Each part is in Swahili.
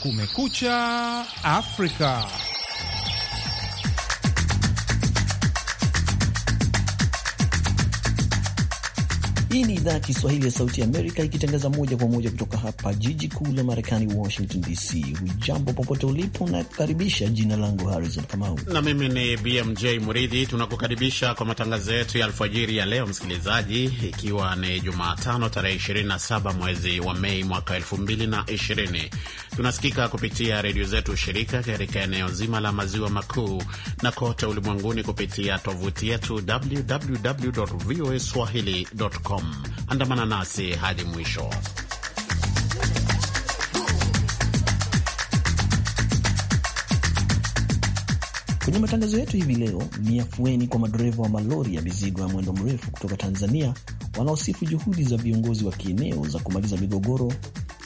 Kumekucha Afrika. Hii ni idhaa ya Kiswahili ya Sauti ya Amerika ikitangaza moja kwa moja kutoka hapa jiji kuu la Marekani, Washington DC. Hujambo popote ulipo, kukaribisha. Jina langu Harrison Kamau na mimi ni BMJ Muridhi. Tunakukaribisha kwa matangazo yetu ya alfajiri ya leo, msikilizaji, ikiwa ni Jumatano tarehe 27 mwezi wa Mei mwaka 2020. Tunasikika kupitia redio zetu shirika katika eneo zima la maziwa makuu na kote ulimwenguni kupitia tovuti yetu www voa com. Andamana nasi hadi mwisho. Kwenye matangazo yetu hivi leo, ni afueni kwa madereva wa malori ya mizigo ya mwendo mrefu kutoka Tanzania wanaosifu juhudi za viongozi wa kieneo za kumaliza migogoro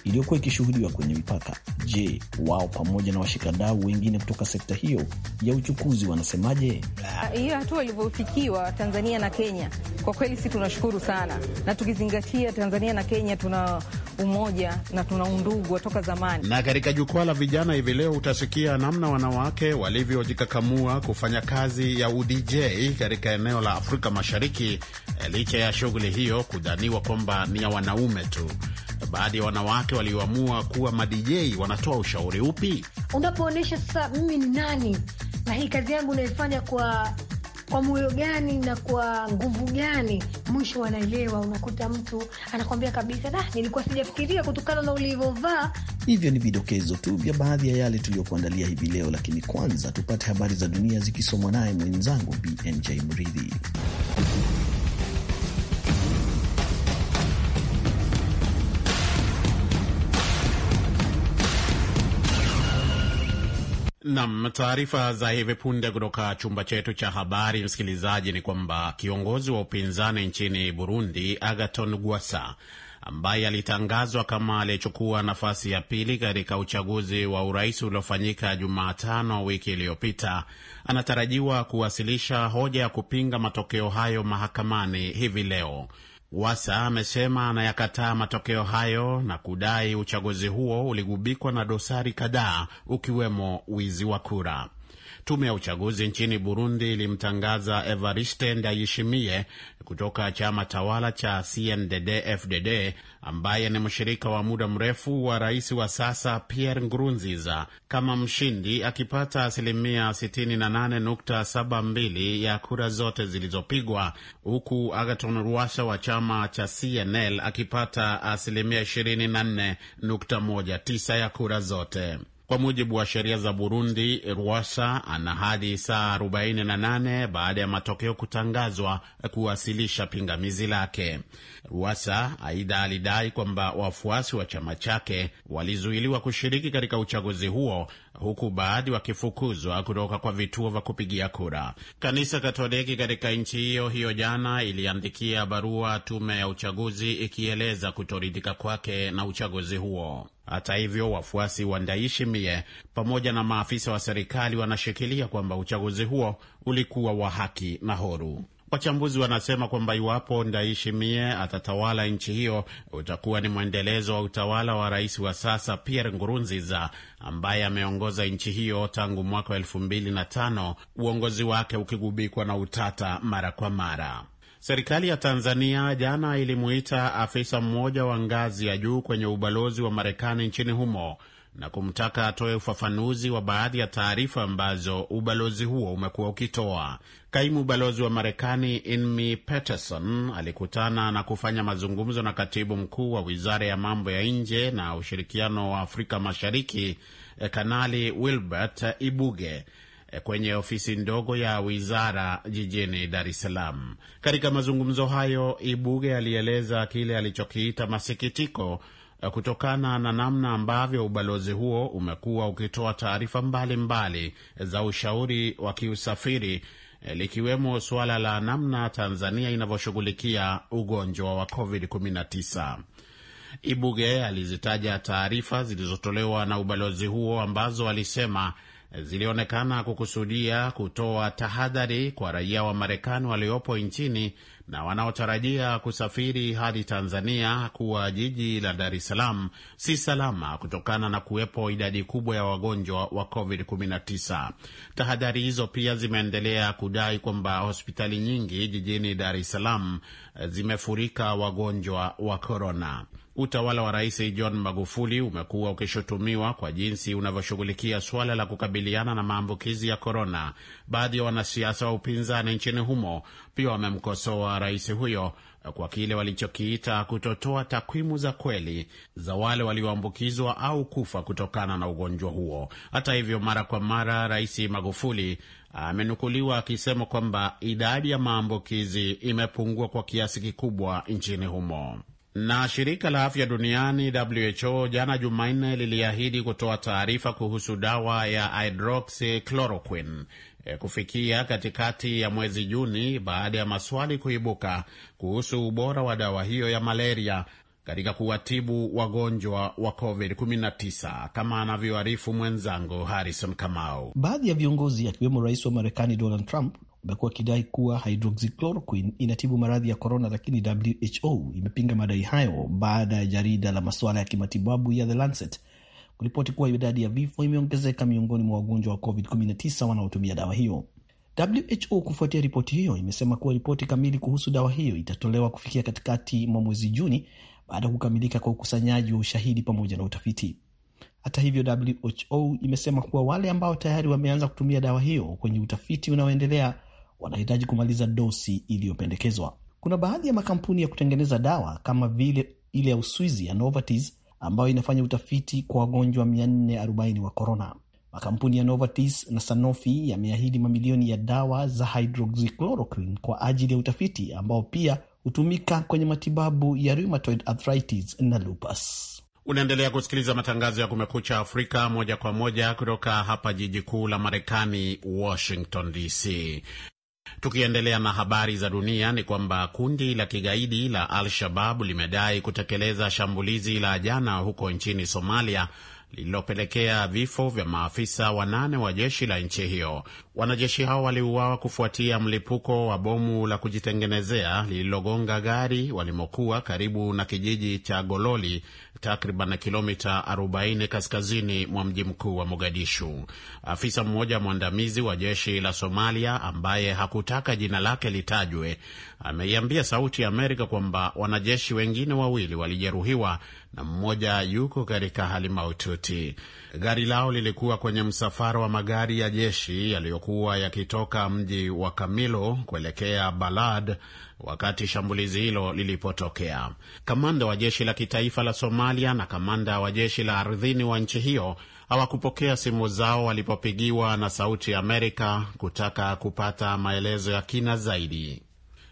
iliyokuwa ikishuhudiwa kwenye mipaka. Je, wao pamoja na washikadau wengine kutoka sekta hiyo ya uchukuzi wanasemaje? Ah, hiyo hatua ilivyofikiwa Tanzania na Kenya, kwa kweli si tunashukuru sana, na tukizingatia Tanzania na Kenya tuna umoja na tuna undugu toka zamani. Na katika jukwaa la vijana hivi leo utasikia namna wanawake walivyojikakamua kufanya kazi ya udj katika eneo la Afrika Mashariki Eh, licha ya shughuli hiyo kudhaniwa kwamba ni ya wanaume tu. Baadhi ya wanawake walioamua kuwa madijei wanatoa ushauri upi? Unapoonyesha sasa mimi ni nani na hii kazi yangu unaifanya kwa kwa moyo gani na kwa nguvu gani, mwisho wanaelewa. Unakuta mtu anakwambia kabisa, nah, nilikuwa sijafikiria kutokana na ulivyovaa. Hivyo ni vidokezo tu vya baadhi ya yale tuliyokuandalia hivi leo, lakini kwanza tupate habari za dunia zikisomwa naye mwenzangu BMJ Mridhi. Nam, taarifa za hivi punde kutoka chumba chetu cha habari, msikilizaji, ni kwamba kiongozi wa upinzani nchini Burundi agaton Gwasa ambaye alitangazwa kama aliyechukua nafasi ya pili katika uchaguzi wa urais uliofanyika Jumatano wiki iliyopita anatarajiwa kuwasilisha hoja ya kupinga matokeo hayo mahakamani hivi leo. Wasa amesema anayakataa matokeo hayo na kudai uchaguzi huo uligubikwa na dosari kadhaa, ukiwemo wizi wa kura. Tume ya uchaguzi nchini Burundi ilimtangaza Evariste Ndayishimiye kutoka chama tawala cha CNDD-FDD ambaye ni mshirika wa muda mrefu wa rais wa sasa Pierre Nkurunziza kama mshindi akipata asilimia 68.72 ya kura zote zilizopigwa, huku Agaton Rwasa wa chama cha CNL akipata asilimia 24.19 ya kura zote. Kwa mujibu wa sheria za Burundi, Rwasa ana hadi saa 48 baada ya matokeo kutangazwa kuwasilisha pingamizi lake. Rwasa aidha alidai kwamba wafuasi wa chama chake walizuiliwa kushiriki katika uchaguzi huo huku baadhi wakifukuzwa kutoka kwa vituo vya kupigia kura. Kanisa Katoliki katika nchi hiyo hiyo jana iliandikia barua tume ya uchaguzi ikieleza kutoridhika kwake na uchaguzi huo. Hata hivyo, wafuasi wa mie pamoja na maafisa wa serikali wanashikilia kwamba uchaguzi huo ulikuwa wa haki na huru. Wachambuzi wanasema kwamba iwapo Ndaishimie atatawala nchi hiyo, utakuwa ni mwendelezo wa utawala wa rais wa sasa Pierre Ngurunziza ambaye ameongoza nchi hiyo tangu mwaka wa elfu mbili na tano, uongozi wake ukigubikwa na utata mara kwa mara. Serikali ya Tanzania jana ilimuita afisa mmoja wa ngazi ya juu kwenye ubalozi wa Marekani nchini humo na kumtaka atoe ufafanuzi wa baadhi ya taarifa ambazo ubalozi huo umekuwa ukitoa. Kaimu balozi wa Marekani Inmi Peterson alikutana na kufanya mazungumzo na katibu mkuu wa wizara ya mambo ya nje na ushirikiano wa Afrika Mashariki eh, Kanali Wilbert Ibuge eh, kwenye ofisi ndogo ya wizara jijini Dar es Salaam. Katika mazungumzo hayo, Ibuge alieleza kile alichokiita masikitiko Eh, kutokana na namna ambavyo ubalozi huo umekuwa ukitoa taarifa mbalimbali eh, za ushauri wa kiusafiri eh, likiwemo suala la namna Tanzania inavyoshughulikia ugonjwa wa COVID-19. Ibuge alizitaja taarifa zilizotolewa na ubalozi huo ambazo alisema zilionekana kukusudia kutoa tahadhari kwa raia wa Marekani waliopo nchini na wanaotarajia kusafiri hadi Tanzania kuwa jiji la Dar es Salaam si salama kutokana na kuwepo idadi kubwa ya wagonjwa wa COVID-19. Tahadhari hizo pia zimeendelea kudai kwamba hospitali nyingi jijini Dar es Salaam zimefurika wagonjwa wa korona. Utawala wa Rais John Magufuli umekuwa ukishutumiwa kwa jinsi unavyoshughulikia suala la kukabiliana na maambukizi ya korona. Baadhi ya wanasiasa wa upinzani nchini humo pia wamemkosoa rais huyo kwa kile walichokiita kutotoa takwimu za kweli za wale walioambukizwa au kufa kutokana na ugonjwa huo. Hata hivyo, mara kwa mara Rais Magufuli amenukuliwa akisema kwamba idadi ya maambukizi imepungua kwa kiasi kikubwa nchini humo. Na shirika la afya duniani WHO jana Jumanne liliahidi kutoa taarifa kuhusu dawa ya hydroxychloroquine e, kufikia katikati ya mwezi Juni baada ya maswali kuibuka kuhusu ubora wa dawa hiyo ya malaria katika kuwatibu wagonjwa wa COVID-19 kama anavyoarifu mwenzangu Harrison Kamau. Baadhi ya viongozi akiwemo rais wa Marekani Donald Trump amekuwa akidai kuwa hydroxychloroquine inatibu maradhi ya korona, lakini WHO imepinga madai hayo baada ya jarida la masuala ya kimatibabu ya The Lancet kuripoti kuwa idadi ya vifo imeongezeka miongoni mwa wagonjwa wa COVID-19 wanaotumia dawa hiyo. WHO kufuatia ripoti hiyo imesema kuwa ripoti kamili kuhusu dawa hiyo itatolewa kufikia katikati mwa mwezi Juni baada ya kukamilika kwa ukusanyaji wa ushahidi pamoja na utafiti. Hata hivyo, WHO imesema kuwa wale ambao tayari wameanza kutumia dawa hiyo kwenye utafiti unaoendelea wanahitaji kumaliza dosi iliyopendekezwa. Kuna baadhi ya makampuni ya kutengeneza dawa kama vile ile ya Uswizi ya Novartis ambayo inafanya utafiti kwa wagonjwa 440 wa korona. Makampuni ya Novartis na Sanofi yameahidi mamilioni ya dawa za hydroxychloroquine kwa ajili ya utafiti ambao pia hutumika kwenye matibabu ya rheumatoid arthritis na lupus. Unaendelea kusikiliza matangazo ya Kumekucha Afrika moja kwa moja kutoka hapa jiji kuu la Marekani, Washington DC. Tukiendelea na habari za dunia ni kwamba kundi la kigaidi la Al-Shabab limedai kutekeleza shambulizi la jana huko nchini Somalia lililopelekea vifo vya maafisa wanane wa jeshi la nchi hiyo. Wanajeshi hao waliuawa kufuatia mlipuko wa bomu la kujitengenezea lililogonga gari walimokuwa karibu na kijiji cha Gololi takriban kilomita 40 kaskazini mwa mji mkuu wa Mogadishu. Afisa mmoja mwandamizi wa jeshi la Somalia ambaye hakutaka jina lake litajwe ameiambia Sauti ya Amerika kwamba wanajeshi wengine wawili walijeruhiwa na mmoja yuko katika hali mahututi. Gari lao lilikuwa kwenye msafara wa magari ya jeshi yaliyokuwa yakitoka mji wa Kamilo kuelekea Balad wakati shambulizi hilo lilipotokea. Kamanda wa jeshi la kitaifa la Somalia na kamanda wa jeshi la ardhini wa nchi hiyo hawakupokea simu zao walipopigiwa na Sauti ya Amerika kutaka kupata maelezo ya kina zaidi.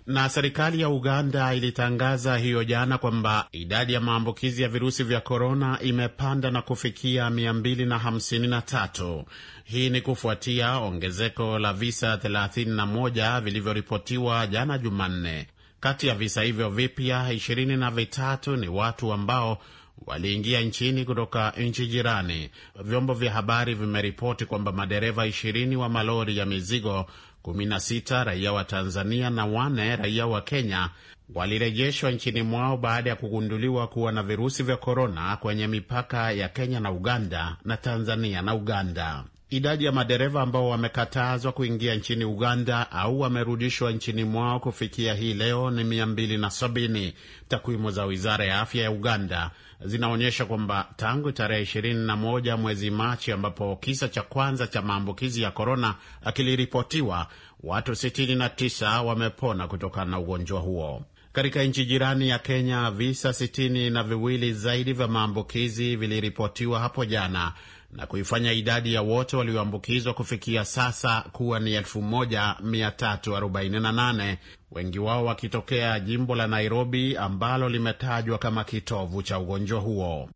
Na serikali ya Uganda ilitangaza hiyo jana kwamba idadi ya maambukizi ya virusi vya korona imepanda na kufikia 253. Hii ni kufuatia ongezeko la visa 31 vilivyoripotiwa jana Jumanne. Kati ya visa hivyo vipya ishirini na vitatu ni watu ambao waliingia nchini kutoka nchi jirani. Vyombo vya habari vimeripoti kwamba madereva ishirini wa malori ya mizigo 16 raia wa Tanzania na wane raia wa Kenya walirejeshwa nchini mwao baada ya kugunduliwa kuwa na virusi vya korona kwenye mipaka ya Kenya na Uganda na Tanzania na Uganda. Idadi ya madereva ambao wamekatazwa kuingia nchini Uganda au wamerudishwa nchini mwao kufikia hii leo ni 270, takwimu za wizara ya afya ya Uganda zinaonyesha kwamba tangu tarehe ishirini na moja mwezi Machi ambapo kisa cha kwanza cha maambukizi ya korona kiliripotiwa, watu 69 wamepona kutokana na ugonjwa huo. Katika nchi jirani ya Kenya, visa sitini na viwili zaidi vya maambukizi viliripotiwa hapo jana na kuifanya idadi ya wote walioambukizwa kufikia sasa kuwa ni 1348 wengi wao wakitokea jimbo la Nairobi ambalo limetajwa kama kitovu cha ugonjwa huo.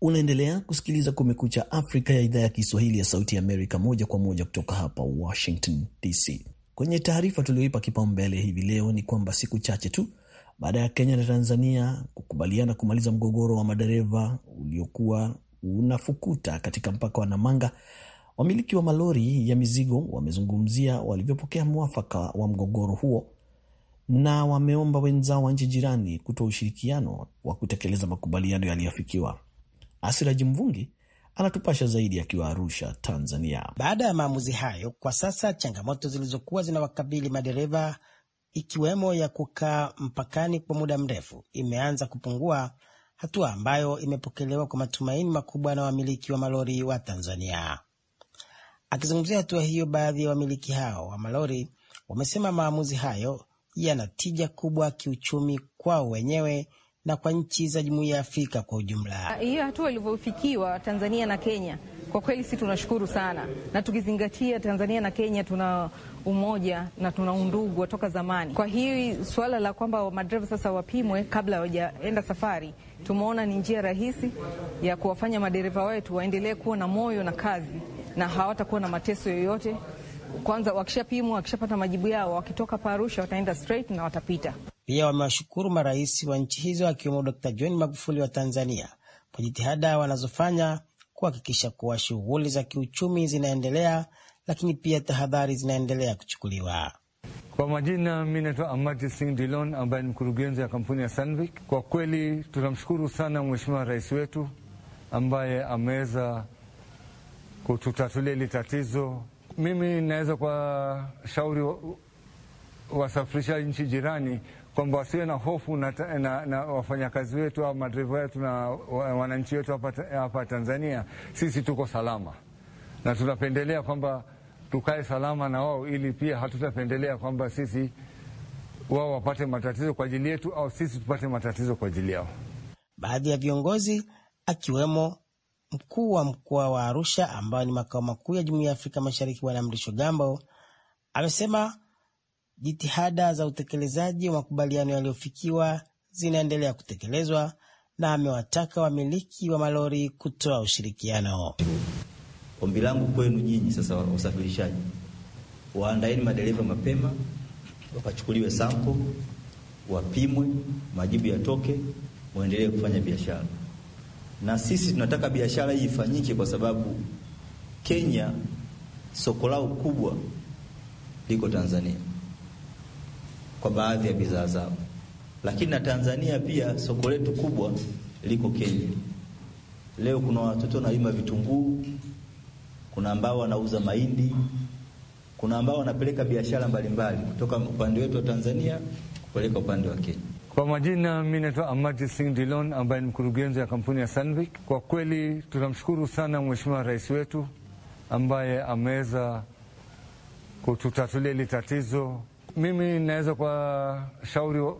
Unaendelea kusikiliza Kumekucha Afrika ya idhaa ya Kiswahili ya Sauti ya Amerika, moja kwa moja kutoka hapa Washington DC. Kwenye taarifa tulioipa kipaumbele hivi leo ni kwamba siku chache tu baada ya Kenya na Tanzania kukubaliana kumaliza mgogoro wa madereva uliokuwa unafukuta katika mpaka wa Namanga, wamiliki wa malori ya mizigo wamezungumzia walivyopokea mwafaka wa mgogoro huo na wameomba wenzao wa nchi jirani kutoa ushirikiano wa kutekeleza makubaliano yaliyofikiwa. Asiraji Mvungi anatupasha zaidi akiwa Arusha, Tanzania. Baada ya maamuzi hayo, kwa sasa changamoto zilizokuwa zinawakabili madereva ikiwemo ya kukaa mpakani kwa muda mrefu imeanza kupungua, hatua ambayo imepokelewa kwa matumaini makubwa na wamiliki wa malori wa Tanzania. Akizungumzia hatua hiyo, baadhi ya wamiliki hao wa malori wamesema maamuzi hayo yana tija kubwa kiuchumi kwao wenyewe na kwa nchi za jumuiya ya Afrika kwa ujumla. Ah, hiyo hatua ilivyofikiwa Tanzania na Kenya, kwa kweli si tunashukuru sana, na tukizingatia Tanzania na Kenya tuna umoja na tuna undugu toka zamani. Kwa hiyo suala la kwamba madereva sasa wapimwe kabla hawajaenda safari, tumeona ni njia rahisi ya kuwafanya madereva wetu waendelee kuwa na moyo na kazi na hawatakuwa na mateso yoyote. Kwanza wakishapimwa, wakishapata majibu yao, wakitoka pa Arusha wataenda straight na watapita. Pia wamewashukuru marais wa nchi hizo akiwemo Dkt John Magufuli wa Tanzania kwa jitihada wanazofanya kuhakikisha kuwa shughuli za kiuchumi zinaendelea, lakini pia tahadhari zinaendelea kuchukuliwa. Kwa majina, mi naitwa Amati Sing Dilon ambaye ni mkurugenzi wa kampuni ya Sandvik. Kwa kweli tunamshukuru sana Mheshimiwa Rais wetu ambaye ameweza kututatulia hili tatizo. Mimi naweza kwa shauri wasafirisha nchi jirani kwamba wasiwe na hofu na, na, na wafanyakazi wetu au madereva wetu na wananchi wetu hapa Tanzania. Sisi tuko salama na tunapendelea kwamba tukae salama na wao, ili pia hatutapendelea kwamba sisi wao wapate matatizo kwa ajili yetu au sisi tupate matatizo kwa ajili yao. Baadhi ya viongozi akiwemo mkuu wa mkoa wa Arusha ambayo ni makao makuu ya Jumuiya ya Afrika Mashariki, Bwana Mrisho Gambo amesema jitihada za utekelezaji wa makubaliano yaliyofikiwa zinaendelea kutekelezwa na amewataka wamiliki wa malori kutoa ushirikiano. Ombi langu kwenu nyinyi sasa, wasafirishaji, waandaeni madereva mapema, wakachukuliwe sampo, wapimwe, majibu yatoke, waendelee kufanya biashara. Na sisi tunataka biashara hii ifanyike, kwa sababu Kenya soko lao kubwa liko Tanzania kwa baadhi ya bidhaa zao, lakini na Tanzania pia soko letu kubwa liko Kenya. Leo kuna watoto wanalima vitunguu, kuna ambao wanauza mahindi, kuna ambao wanapeleka biashara mbalimbali kutoka upande wetu wa Tanzania kupeleka upande wa Kenya. Kwa majina mimi naitwa Amati Singh Dilon ambaye ni mkurugenzi wa kampuni ya Sanvik. Kwa kweli tunamshukuru sana Mheshimiwa Rais wetu ambaye ameweza kututatulia hili tatizo mimi naweza kwa shauri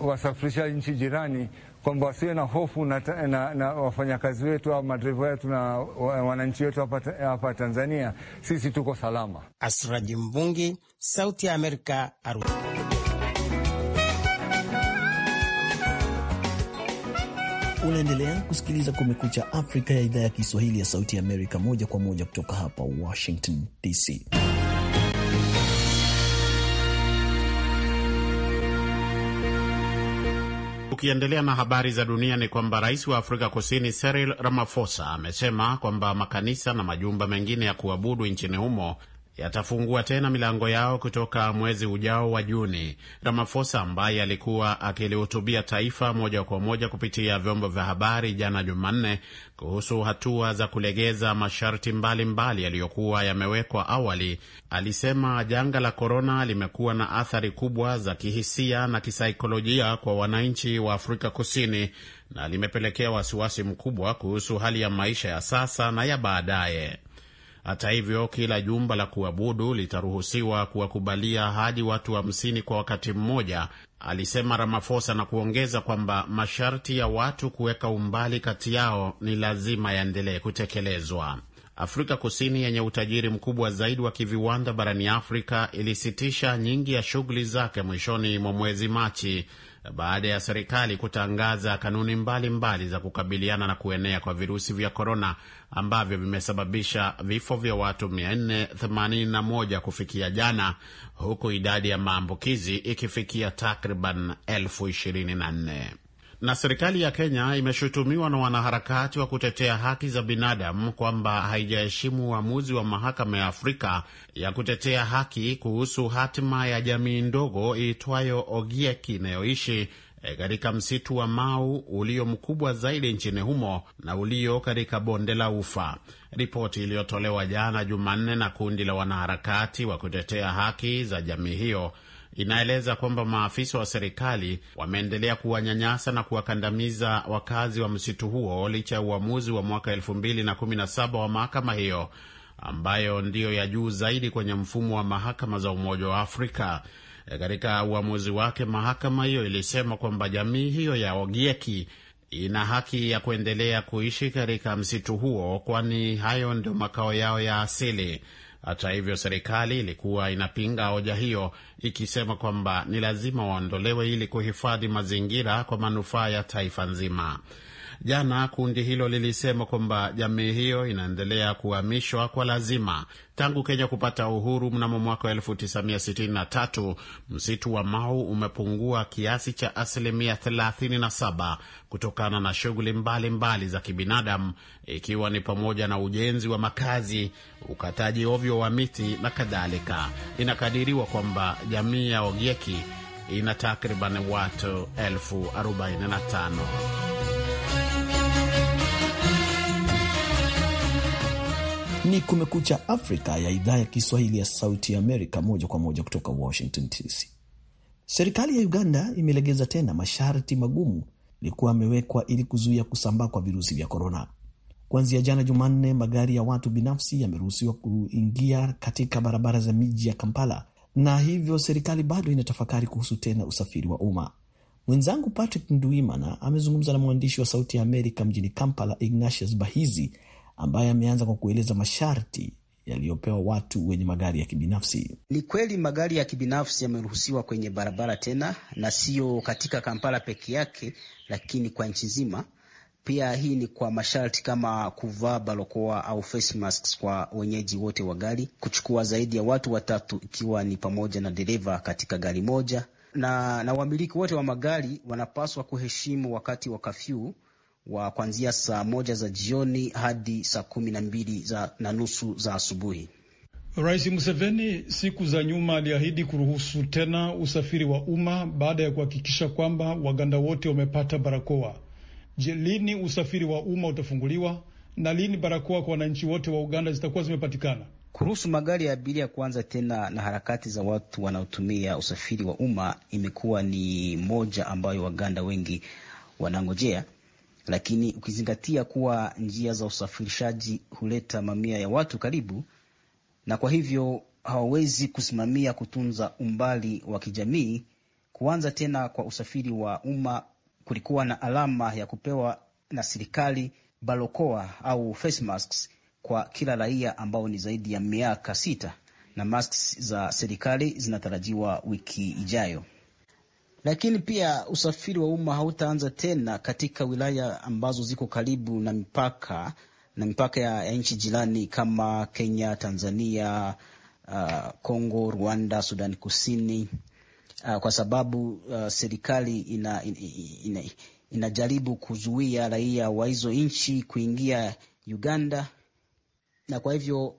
wasafirisha nchi jirani kwamba wasiwe na hofu na, na, na wafanyakazi wetu au madereva wetu na wananchi wetu hapa Tanzania, sisi tuko salama. Asraji Mvungi, Sauti ya Amerika, Arusha. Unaendelea kusikiliza Kumekucha Afrika ya idhaa ya Kiswahili ya Sauti ya Amerika, moja kwa moja kutoka hapa Washington DC. Tukiendelea na habari za dunia ni kwamba rais wa Afrika Kusini Cyril Ramaphosa amesema kwamba makanisa na majumba mengine ya kuabudu nchini humo yatafungua tena milango yao kutoka mwezi ujao wa Juni. ramafosa ambaye alikuwa akilihutubia taifa moja kwa moja kupitia vyombo vya habari jana Jumanne kuhusu hatua za kulegeza masharti mbalimbali yaliyokuwa yamewekwa awali, alisema janga la korona limekuwa na athari kubwa za kihisia na kisaikolojia kwa wananchi wa Afrika Kusini na limepelekea wasiwasi mkubwa kuhusu hali ya maisha ya sasa na ya baadaye. Hata hivyo, kila jumba la kuabudu litaruhusiwa kuwakubalia hadi watu hamsini wa kwa wakati mmoja, alisema Ramaphosa, na kuongeza kwamba masharti ya watu kuweka umbali kati yao ni lazima yaendelee kutekelezwa. Afrika Kusini yenye utajiri mkubwa zaidi wa kiviwanda barani Afrika ilisitisha nyingi ya shughuli zake mwishoni mwa mwezi Machi baada ya serikali kutangaza kanuni mbalimbali mbali za kukabiliana na kuenea kwa virusi vya korona ambavyo vimesababisha vifo vya watu 481 kufikia jana, huku idadi ya maambukizi ikifikia takriban elfu na serikali ya Kenya imeshutumiwa na wanaharakati wa kutetea haki za binadamu kwamba haijaheshimu uamuzi wa mahakama ya Afrika ya kutetea haki kuhusu hatima ya jamii ndogo iitwayo Ogiek inayoishi E, katika msitu wa Mau ulio mkubwa zaidi nchini humo na ulio katika bonde la Ufa. Ripoti iliyotolewa jana Jumanne na kundi la wanaharakati wa kutetea haki za jamii hiyo inaeleza kwamba maafisa wa serikali wameendelea kuwanyanyasa na kuwakandamiza wakazi wa msitu huo licha ya uamuzi wa mwaka 2017 wa mahakama hiyo ambayo ndiyo ya juu zaidi kwenye mfumo wa mahakama za Umoja wa Afrika. Katika uamuzi wake, mahakama hiyo ilisema kwamba jamii hiyo ya Ogieki ina haki ya kuendelea kuishi katika msitu huo, kwani hayo ndio makao yao ya asili. Hata hivyo, serikali ilikuwa inapinga hoja hiyo ikisema kwamba ni lazima waondolewe ili kuhifadhi mazingira kwa manufaa ya taifa nzima. Jana kundi hilo lilisema kwamba jamii hiyo inaendelea kuhamishwa kwa lazima. Tangu Kenya kupata uhuru mnamo mwaka wa 1963 msitu wa Mau umepungua kiasi cha asilimia 37 kutokana na shughuli mbalimbali za kibinadamu, ikiwa ni pamoja na ujenzi wa makazi, ukataji ovyo wa miti na kadhalika. Inakadiriwa kwamba jamii ya Ogieki ina takriban watu elfu 45. Ni Kumekucha Afrika ya idhaa ya Kiswahili ya Sauti Amerika, moja kwa moja kutoka Washington DC. Serikali ya Uganda imelegeza tena masharti magumu likuwa amewekwa ili kuzuia kusambaa kwa virusi vya korona. Kuanzia jana Jumanne, magari ya watu binafsi yameruhusiwa kuingia katika barabara za miji ya Kampala, na hivyo serikali bado inatafakari kuhusu tena usafiri wa umma. Mwenzangu Patrick Nduimana amezungumza na mwandishi wa Sauti ya Amerika mjini Kampala, Ignatius Bahizi, ambaye ameanza kwa kueleza masharti yaliyopewa watu wenye magari ya kibinafsi. Ni kweli magari ya kibinafsi yameruhusiwa kwenye barabara tena, na siyo katika Kampala peke yake, lakini kwa nchi nzima pia. Hii ni kwa masharti kama kuvaa barakoa au face masks kwa wenyeji wote wa gari, kuchukua zaidi ya watu watatu ikiwa ni pamoja na dereva katika gari moja, na, na wamiliki wote wa magari wanapaswa kuheshimu wakati wa kafyu wa kuanzia saa moja za jioni hadi saa kumi na mbili na nusu za asubuhi. Rais Museveni siku za nyuma aliahidi kuruhusu tena usafiri wa umma baada ya kuhakikisha kwamba Waganda wote wamepata barakoa. Je, lini usafiri wa umma utafunguliwa na lini barakoa kwa wananchi wote wa Uganda zitakuwa zimepatikana? Kuruhusu magari ya abiria kuanza tena na harakati za watu wanaotumia usafiri wa umma imekuwa ni moja ambayo Waganda wengi wanangojea lakini ukizingatia kuwa njia za usafirishaji huleta mamia ya watu karibu, na kwa hivyo hawawezi kusimamia kutunza umbali wa kijamii. Kuanza tena kwa usafiri wa umma kulikuwa na alama ya kupewa na serikali balokoa au face masks kwa kila raia ambao ni zaidi ya miaka sita, na masks za serikali zinatarajiwa wiki ijayo. Lakini pia usafiri wa umma hautaanza tena katika wilaya ambazo ziko karibu na mipaka na mipaka ya, ya nchi jirani kama Kenya, Tanzania, Kongo, uh, Rwanda, Sudan Kusini, uh, kwa sababu uh, serikali ina, ina, ina, inajaribu kuzuia raia wa hizo nchi kuingia Uganda na kwa hivyo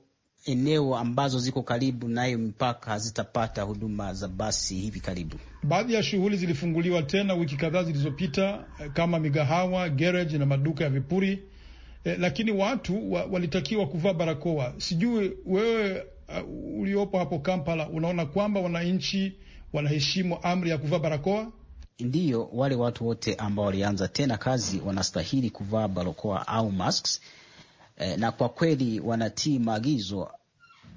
eneo ambazo ziko karibu nayo mipaka hazitapata huduma za basi hivi karibu. Baadhi ya shughuli zilifunguliwa tena wiki kadhaa zilizopita eh, kama migahawa, gereji na maduka ya vipuri eh, lakini watu wa, walitakiwa kuvaa barakoa. Sijui wewe uh, uliopo hapo Kampala unaona kwamba wananchi wanaheshimu amri ya kuvaa barakoa? Ndiyo, wale watu wote ambao walianza tena kazi wanastahili kuvaa barakoa au masks e, na kwa kweli wanatii maagizo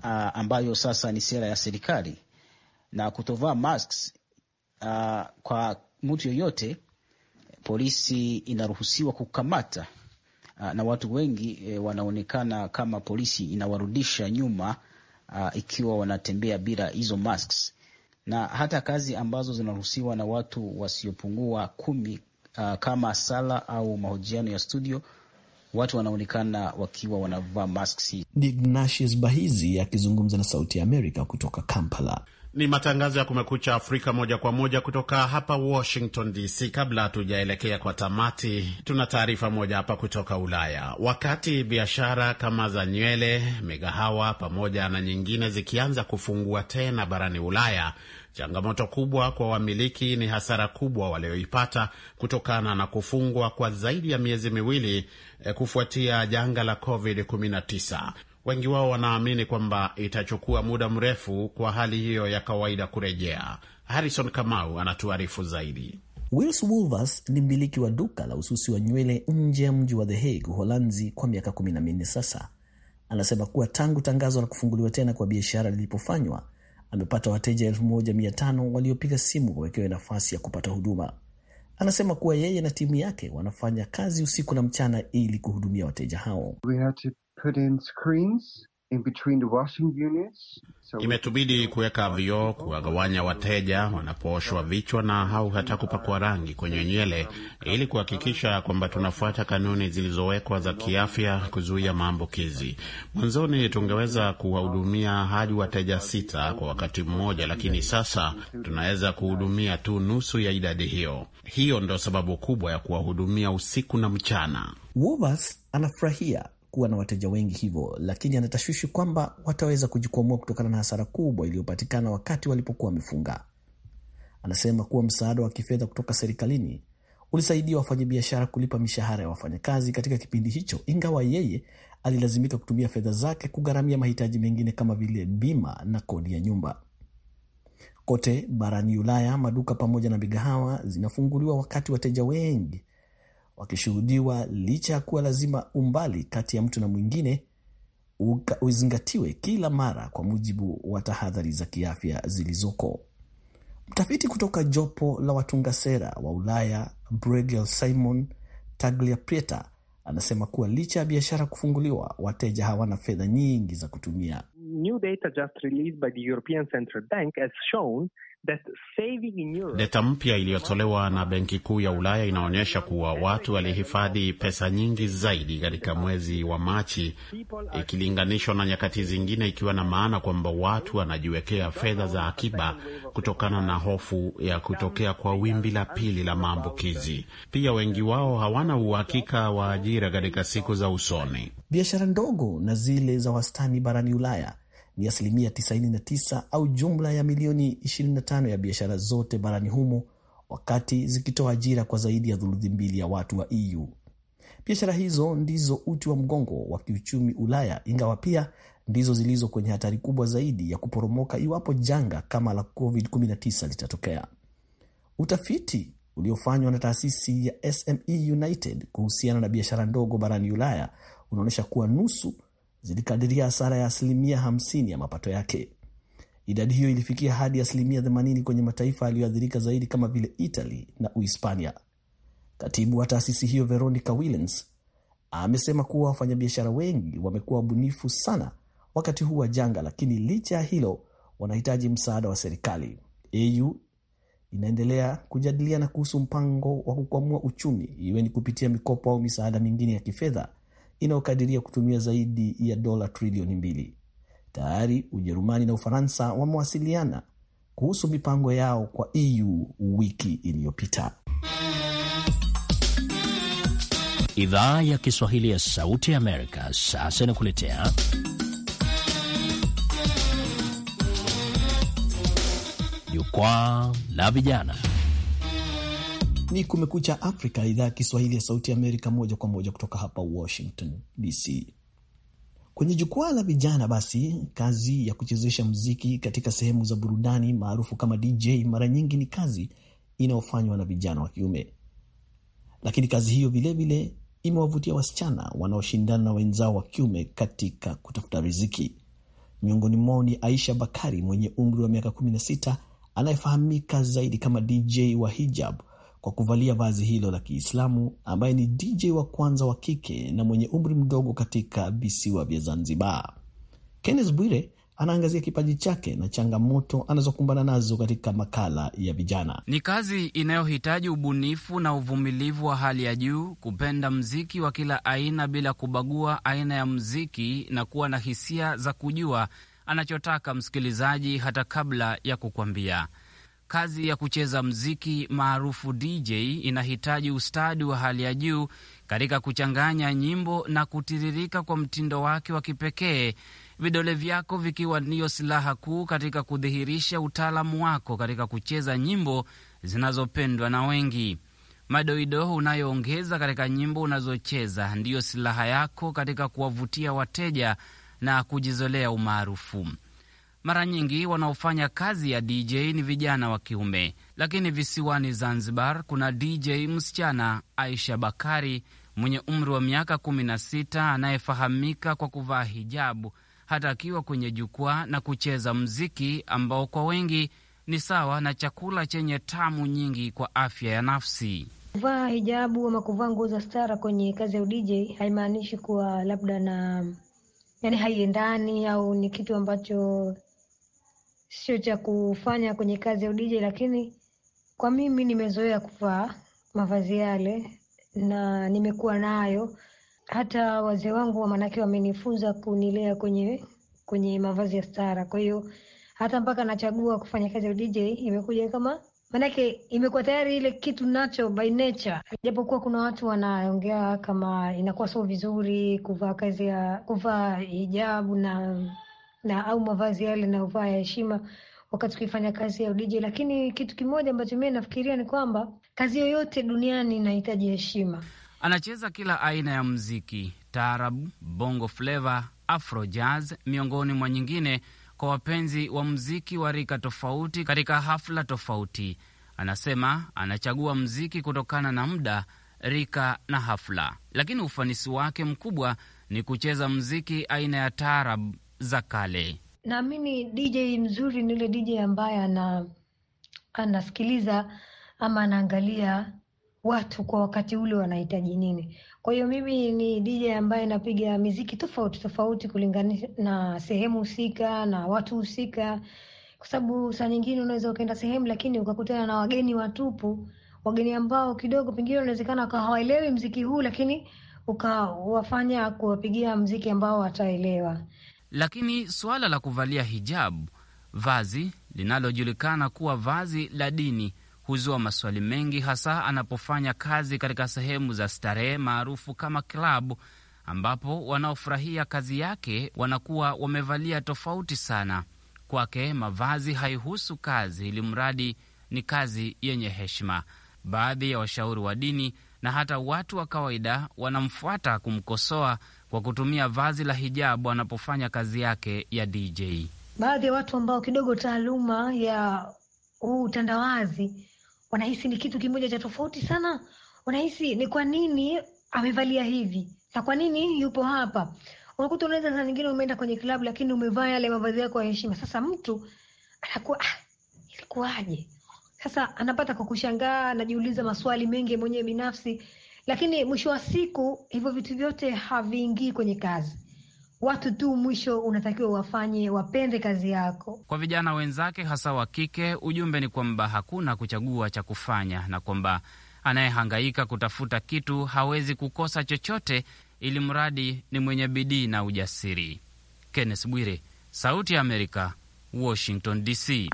ah, ambayo sasa ni sera ya serikali, na kutovaa masks ah, kwa mtu yoyote polisi inaruhusiwa kukamata a, ah, na watu wengi e, wanaonekana kama polisi inawarudisha nyuma a, ikiwa wanatembea bila hizo masks na hata kazi ambazo zinaruhusiwa na watu wasiopungua kumi, uh, kama sala au mahojiano ya studio watu wanaonekana wakiwa wanavaa maski. Ni Ignatius Bahizi akizungumza na Sauti ya Amerika kutoka Kampala. Ni matangazo ya Kumekucha Afrika moja kwa moja kutoka hapa Washington DC. Kabla hatujaelekea kwa tamati, tuna taarifa moja hapa kutoka Ulaya. Wakati biashara kama za nywele, migahawa pamoja na nyingine zikianza kufungua tena barani Ulaya, Changamoto kubwa kwa wamiliki ni hasara kubwa walioipata kutokana na kufungwa kwa zaidi ya miezi miwili eh, kufuatia janga la COVID-19. Wengi wao wanaamini kwamba itachukua muda mrefu kwa hali hiyo ya kawaida kurejea. Harrison Kamau anatuarifu zaidi. Wils Wolvers ni mmiliki wa duka la ususi wa nywele nje ya mji wa The Hague, Uholanzi, kwa miaka kumi na minne sasa. Anasema kuwa tangu tangazo la kufunguliwa tena kwa biashara lilipofanywa, amepata wateja 1500 waliopiga simu wawekewe nafasi ya kupata huduma. Anasema kuwa yeye na timu yake wanafanya kazi usiku na mchana ili kuhudumia wateja hao. We had to put in screens imetubidi kuweka vioo, kuwagawanya wateja wanapooshwa vichwa na au hata kupakwa rangi kwenye nywele, ili kuhakikisha kwamba tunafuata kanuni zilizowekwa za kiafya kuzuia maambukizi. Mwanzoni tungeweza kuwahudumia hadi wateja sita kwa wakati mmoja, lakini sasa tunaweza kuhudumia tu nusu ya idadi hiyo. Hiyo ndo sababu kubwa ya kuwahudumia usiku na mchana. anafurahia kuwa na wateja wengi hivyo, lakini anatashwishi kwamba wataweza kujikwamua kutokana na hasara kubwa iliyopatikana wakati walipokuwa wamefunga. Anasema kuwa msaada wa kifedha kutoka serikalini ulisaidia wafanyabiashara kulipa mishahara ya wafanyakazi katika kipindi hicho, ingawa yeye alilazimika kutumia fedha zake kugharamia mahitaji mengine kama vile bima na kodi ya nyumba. Kote barani Ulaya, maduka pamoja na migahawa zinafunguliwa wakati wateja wengi wakishuhudiwa licha ya kuwa lazima umbali kati ya mtu na mwingine uzingatiwe kila mara kwa mujibu wa tahadhari za kiafya zilizoko. Mtafiti kutoka jopo la watunga sera wa Ulaya Bregel Simon prieta anasema kuwa licha ya biashara kufunguliwa, wateja hawana fedha nyingi za kutumia. New data just released by the European Central Bank has shown Data mpya iliyotolewa na Benki Kuu ya Ulaya inaonyesha kuwa watu walihifadhi pesa nyingi zaidi katika mwezi wa Machi ikilinganishwa na nyakati zingine, ikiwa na maana kwamba watu wanajiwekea fedha za akiba kutokana na hofu ya kutokea kwa wimbi la pili la maambukizi. Pia wengi wao hawana uhakika wa ajira katika siku za usoni. Biashara ndogo na zile za wastani barani Ulaya ni asilimia 99 au jumla ya milioni 25 ya biashara zote barani humo, wakati zikitoa ajira kwa zaidi ya thuluthi mbili ya watu wa EU. Biashara hizo ndizo uti wa mgongo wa kiuchumi Ulaya, ingawa pia ndizo zilizo kwenye hatari kubwa zaidi ya kuporomoka iwapo janga kama la COVID-19 litatokea. Utafiti uliofanywa na taasisi ya SME United kuhusiana na biashara ndogo barani Ulaya unaonyesha kuwa nusu zilikadiria hasara ya asilimia 50 ya mapato yake. Idadi hiyo ilifikia hadi asilimia 80 kwenye mataifa yaliyoathirika zaidi kama vile Italy na Uhispania. Katibu wa taasisi hiyo Veronica Willens amesema kuwa wafanyabiashara wengi wamekuwa wabunifu sana wakati huu wa janga, lakini licha ya hilo wanahitaji msaada wa serikali. AU inaendelea kujadiliana kuhusu mpango wa kukwamua uchumi, iwe ni kupitia mikopo au misaada mingine ya kifedha inayokadiria kutumia zaidi ya dola trilioni mbili. Tayari Ujerumani na Ufaransa wamewasiliana kuhusu mipango yao kwa EU wiki iliyopita. Idhaa ya Kiswahili ya Sauti ya Amerika sasa inakuletea jukwaa la vijana ni Kumekucha Afrika, idhaa ya Kiswahili ya Sauti Amerika, moja kwa moja kutoka hapa Washington DC. Kwenye jukwaa la vijana, basi kazi ya kuchezesha mziki katika sehemu za burudani maarufu kama DJ mara nyingi ni kazi inayofanywa na vijana wa kiume, lakini kazi hiyo vilevile imewavutia wasichana wanaoshindana na wenzao wa kiume katika kutafuta riziki. Miongoni mwao ni Aisha Bakari mwenye umri wa miaka 16 anayefahamika zaidi kama DJ wa hijab kwa kuvalia vazi hilo la Kiislamu, ambaye ni DJ wa kwanza wa kike na mwenye umri mdogo katika visiwa vya Zanzibar. Kenneth Bwire anaangazia kipaji chake na changamoto anazokumbana nazo katika makala ya vijana. Ni kazi inayohitaji ubunifu na uvumilivu wa hali ya juu, kupenda mziki wa kila aina bila kubagua aina ya mziki, na kuwa na hisia za kujua anachotaka msikilizaji hata kabla ya kukwambia. Kazi ya kucheza mziki maarufu DJ inahitaji ustadi wa hali ya juu katika kuchanganya nyimbo na kutiririka kwa mtindo wake wa kipekee, vidole vyako vikiwa ndiyo silaha kuu katika kudhihirisha utaalamu wako katika kucheza nyimbo zinazopendwa na wengi. Madoido unayoongeza katika nyimbo unazocheza ndiyo silaha yako katika kuwavutia wateja na kujizolea umaarufu. Mara nyingi wanaofanya kazi ya DJ ni vijana wa kiume, lakini visiwani Zanzibar kuna DJ msichana Aisha Bakari mwenye umri wa miaka 16 anayefahamika kwa kuvaa hijabu hata akiwa kwenye jukwaa na kucheza mziki ambao kwa wengi ni sawa na chakula chenye tamu nyingi kwa afya ya nafsi. Kuvaa hijabu ama kuvaa nguo za stara kwenye kazi ya udj haimaanishi kuwa labda na yani haiendani au ni kitu ambacho sio cha kufanya kwenye kazi ya udj, lakini kwa mimi nimezoea kuvaa mavazi yale na nimekuwa nayo. Hata wazee wangu wa manake wamenifunza kunilea kwenye kwenye mavazi ya stara. Kwa hiyo hata mpaka nachagua kufanya kazi ya DJ imekuja kama manake imekuwa tayari ile kitu nacho by nature, japokuwa kuna watu wanaongea kama inakuwa sio vizuri kuvaa kazi ya kuvaa hijabu na na au mavazi yale nayovaa ya heshima wakati ukifanya kazi ya udiji. Lakini kitu kimoja ambacho mimi nafikiria ni kwamba kazi yoyote duniani inahitaji heshima. Anacheza kila aina ya mziki, taarabu, bongo fleva, afro jazz, miongoni mwa nyingine, kwa wapenzi wa mziki wa rika tofauti katika hafla tofauti. Anasema anachagua mziki kutokana na muda, rika na hafla, lakini ufanisi wake mkubwa ni kucheza mziki aina ya taarab za kale. Naamini DJ mzuri ni yule DJ ambaye ana anasikiliza ama anaangalia watu kwa wakati ule wanahitaji nini. Kwa hiyo mimi ni DJ ambaye napiga miziki tofauti tofauti kulingana na sehemu husika na watu husika, kwa sababu saa nyingine unaweza ukaenda sehemu lakini ukakutana na wageni watupu, wageni ambao kidogo pengine unawezekana wakawa hawaelewi mziki huu, lakini ukawafanya kuwapigia mziki ambao wataelewa. Lakini suala la kuvalia hijabu, vazi linalojulikana kuwa vazi la dini, huzua maswali mengi, hasa anapofanya kazi katika sehemu za starehe maarufu kama klabu, ambapo wanaofurahia kazi yake wanakuwa wamevalia tofauti sana. Kwake mavazi haihusu kazi, ili mradi ni kazi yenye heshima. Baadhi ya washauri wa dini na hata watu wa kawaida wanamfuata kumkosoa kwa kutumia vazi la hijabu anapofanya kazi yake ya DJ. Baadhi ya watu ambao kidogo taaluma ya huu utandawazi wanahisi ni kitu kimoja cha tofauti sana, wanahisi ni kwa nini amevalia hivi na kwa nini yupo hapa. Unakuta unaweza saa nyingine umeenda kwenye klabu, lakini umevaa yale mavazi yako ya heshima. Sasa mtu anakuwa ah, ilikuwaje? Sasa anapata kwa kushangaa, anajiuliza maswali mengi mwenyewe binafsi, lakini mwisho wa siku hivyo vitu vyote haviingii kwenye kazi. Watu tu mwisho unatakiwa wafanye, wapende kazi yako. Kwa vijana wenzake, hasa wa kike, ujumbe ni kwamba hakuna kuchagua cha kufanya na kwamba anayehangaika kutafuta kitu hawezi kukosa chochote, ili mradi ni mwenye bidii na ujasiri. Kenneth Bwire, Sauti ya Amerika, Washington DC.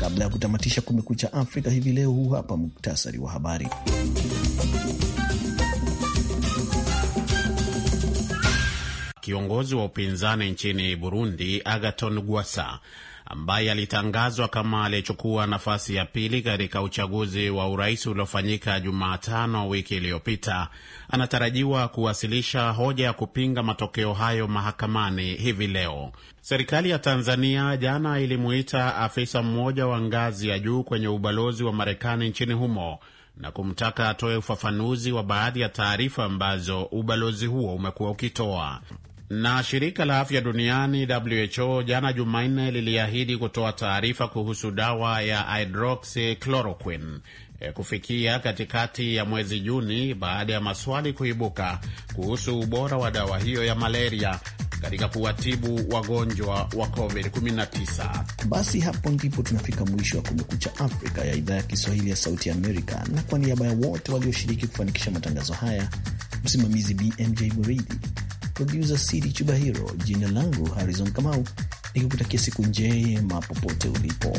Kabla ya kutamatisha Kumekucha Afrika hivi leo, huu hapa muktasari wa habari. Kiongozi wa upinzani nchini Burundi agaton Gwasa ambaye alitangazwa kama aliyechukua nafasi ya pili katika uchaguzi wa urais uliofanyika Jumatano wiki iliyopita, anatarajiwa kuwasilisha hoja ya kupinga matokeo hayo mahakamani hivi leo. Serikali ya Tanzania jana ilimuita afisa mmoja wa ngazi ya juu kwenye ubalozi wa Marekani nchini humo na kumtaka atoe ufafanuzi wa baadhi ya taarifa ambazo ubalozi huo umekuwa ukitoa. Na shirika la afya duniani WHO jana Jumanne liliahidi kutoa taarifa kuhusu dawa ya hydroxychloroquine e, kufikia katikati ya mwezi Juni baada ya maswali kuibuka kuhusu ubora wa dawa hiyo ya malaria katika kuwatibu wagonjwa wa COVID-19. Basi hapo ndipo tunafika mwisho wa Kumekucha Afrika ya idhaa ya Kiswahili ya Sauti ya Amerika, na kwa niaba ya wote walioshiriki kufanikisha matangazo haya, msimamizi BMJ Muridhi, produsa chuba Chubahiro. Jina langu Harizon Kamau, nikikutakia siku njema popote ulipo.